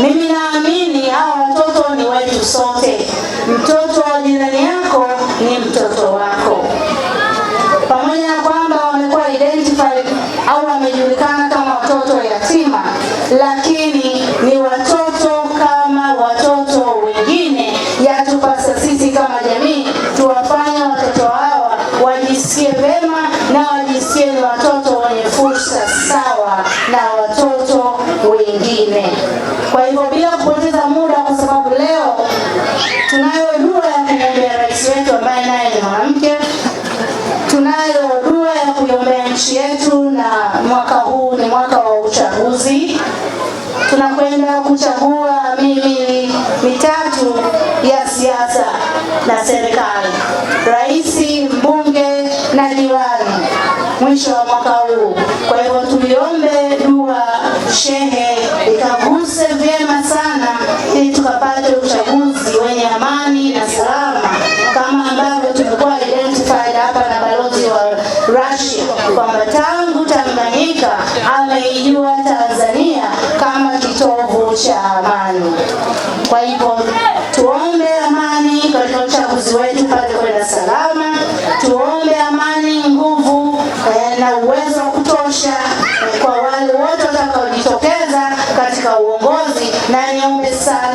Mimi naamini hawa watoto ni wetu sote. Mtoto wa jirani yako ni mtoto wako, pamoja na kwamba wamekuwa identified au wamejulikana kama watoto yatima, lakini ni watoto kama watoto wengine. Yatupasa sisi kama jamii tuwafanye watoto hawa wajisikie vema na wajisikie ni watoto wenye fursa sawa na Tunayo dua ya kumwombea rais wetu ambaye naye ni mwanamke. Tunayo dua ya kuiombea nchi yetu, na mwaka huu ni mwaka wa uchaguzi. Tunakwenda kuchagua mimi mitatu ya siasa na serikali, rais, mbunge na diwani, mwisho wa mwaka huu. Kwa hivyo tuiombe dua shehe wa Russia kwamba tangu Tanganyika ameijua Tanzania kama kitovu cha amani. Kwa hivyo tuombe amani katika uchaguzi wetu pale kwenda salama, tuombe amani, nguvu eh, na uwezo wa kutosha eh, kwa wale wote watakaojitokeza katika uongozi na niombe sana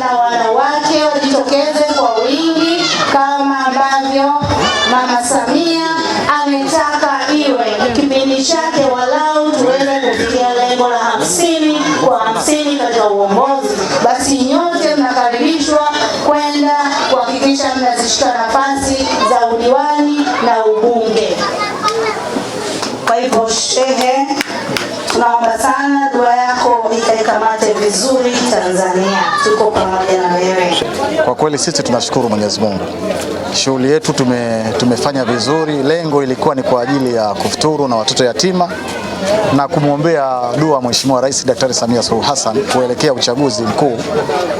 sana, dua yako ikaikamate vizuri Tanzania, tuko pamoja na wewe. Kwa kweli sisi tunashukuru Mwenyezi Mungu, shughuli yetu tume, tumefanya vizuri. Lengo ilikuwa ni kwa ajili ya kufuturu na watoto yatima na kumwombea dua Mheshimiwa Rais Daktari Samia Suluhu Hassan kuelekea uchaguzi mkuu.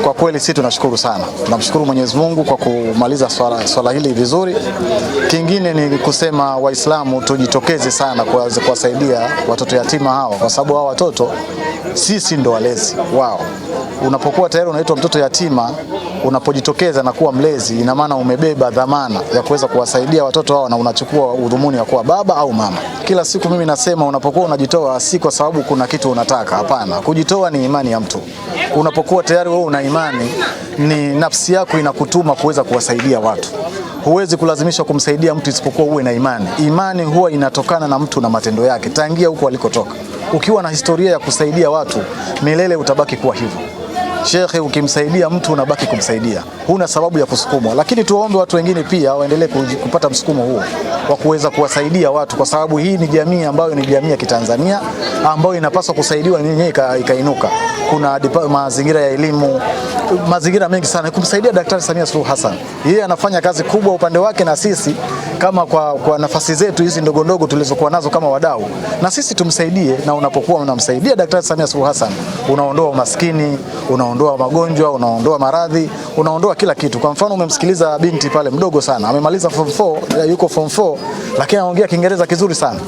Kwa kweli sisi tunashukuru sana, tunamshukuru Mwenyezi Mungu kwa kumaliza swala, swala hili vizuri. Kingine ni kusema Waislamu tujitokeze sana kuwasaidia watoto yatima hawa, kwa sababu hawa watoto sisi ndo walezi wao. Unapokuwa tayari unaitwa mtoto yatima unapojitokeza na kuwa mlezi, ina maana umebeba dhamana ya kuweza kuwasaidia watoto hao na unachukua udhumuni wa kuwa baba au mama. Kila siku mimi nasema, unapokuwa unajitoa si kwa sababu kuna kitu unataka, hapana. Kujitoa ni imani ya mtu. Unapokuwa tayari wewe una imani, ni nafsi yako inakutuma kuweza kuwasaidia watu. Huwezi kulazimishwa kumsaidia mtu isipokuwa uwe na imani. Imani huwa inatokana na mtu na matendo yake, tangia huko alikotoka. Ukiwa na historia ya kusaidia watu, milele utabaki kuwa hivyo. Shekhe, ukimsaidia mtu unabaki kumsaidia, huna sababu ya kusukumwa. Lakini tuwaombe watu wengine pia waendelee kupata msukumo huo wa kuweza kuwasaidia watu, kwa sababu hii ni jamii ambayo ni jamii ya Kitanzania ambayo inapaswa kusaidiwa yenyewe ikainuka. Kuna mazingira ya elimu, mazingira mengi sana kumsaidia Daktari Samia Suluhu Hassan, yeye anafanya kazi kubwa upande wake na sisi kama kwa, kwa nafasi zetu hizi ndogo ndogo tulizokuwa nazo kama wadau, na sisi tumsaidie. Na unapokuwa unamsaidia Daktari Samia Suluhu Hassan unaondoa umaskini, unaondoa magonjwa, unaondoa maradhi, unaondoa kila kitu. Kwa mfano, umemsikiliza binti pale mdogo sana, amemaliza form 4, eh, yuko form 4, lakini anaongea Kiingereza kizuri sana.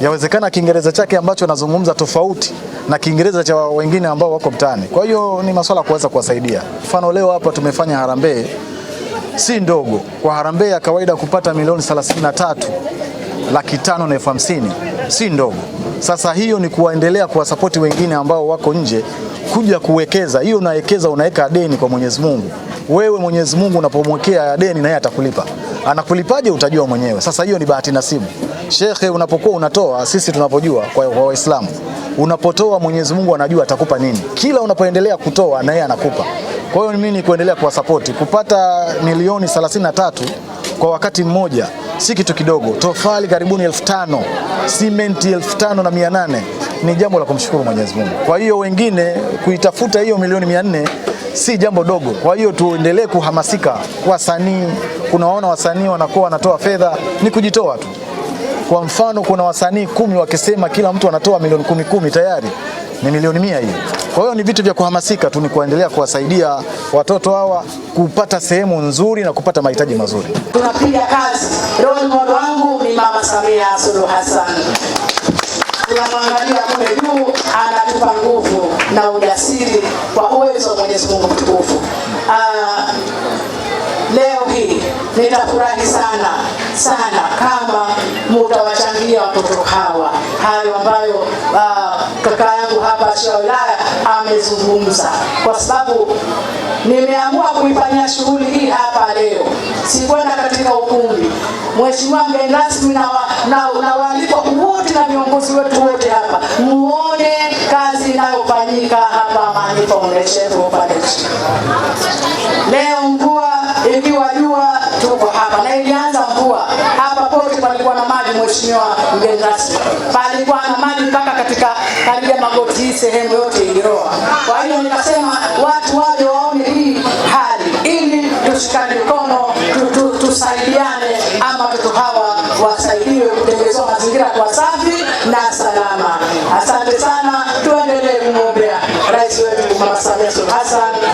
Yawezekana Kiingereza chake ambacho anazungumza tofauti na Kiingereza cha wengine ambao wako mtaani. Kwa hiyo ni masuala kuweza kuwasaidia. Mfano, leo hapa tumefanya harambee si ndogo kwa harambee ya kawaida kupata milioni 33 laki tano na elfu hamsini si ndogo. Sasa hiyo ni kuwaendelea kuwasapoti wengine ambao wako nje kuja kuwekeza. Hiyo unawekeza, unaweka deni kwa Mwenyezi Mungu. Wewe Mwenyezi Mungu unapomwekea deni, naye atakulipa. Anakulipaje utajua mwenyewe. Sasa hiyo ni bahati nasibu, shekhe. Unapokuwa unatoa, sisi tunapojua kwa Waislamu, unapotoa Mwenyezi Mungu anajua atakupa nini. Kila unapoendelea kutoa, naye anakupa. Kwa hiyo mimi ni kuendelea kuwasapoti kupata milioni 33 kwa wakati mmoja si kitu kidogo. Tofali karibuni elfu tano simenti elfu tano na mia nane ni jambo la kumshukuru Mwenyezi Mungu. Kwa hiyo wengine kuitafuta hiyo milioni mia nne si jambo dogo. Kwa hiyo tuendelee kuhamasika wasanii, kunawaona wasanii wanakuwa wanatoa fedha, ni kujitoa tu. Kwa mfano, kuna wasanii kumi wakisema kila mtu anatoa milioni kumi kumi, tayari ni milioni mia hiyo. Kwa hiyo ni vitu vya kuhamasika tu, ni kuendelea kuwasaidia watoto hawa kupata sehemu nzuri na kupata mahitaji mazuri. Tunapiga kazi. Role model wangu ni Mama Samia Suluhu Hassan. Tunamwangalia kule juu, anatupa nguvu na ujasiri kwa uwezo wa Mwenyezi Mungu mtukufu. Uh, leo hii nitafurahi sana sana kama mutawachangia watoto hawa hayo ambayo uh, kaka yangu hapa cha wilaya amezungumza, kwa sababu nimeamua kuifanyia shughuli hii hapa leo. Sikwenda katika ukumbi, mheshimiwa mgeni rasmi na, na, na waalikwa wote na viongozi wetu wote hapa, muone kazi inayofanyika hapa Amani Foundation Foundation. Leo mvua ikiwa jua, tuko hapa na ilianza mvua hapa, pote palikuwa na maji, mheshimiwa mgeni rasmi, palikuwa na maji mpaka karibia magoti, hii sehemu yote iliroa. Kwa hiyo nikasema watu waje waone hii hali, ili tushikane mkono, tusaidiane, ama watoto hawa wasaidiwe kutengenezwa mazingira kwa safi na salama. Asante sana, tuendelee kumwombea rais wetu Mama Samia Suluhu Hassan.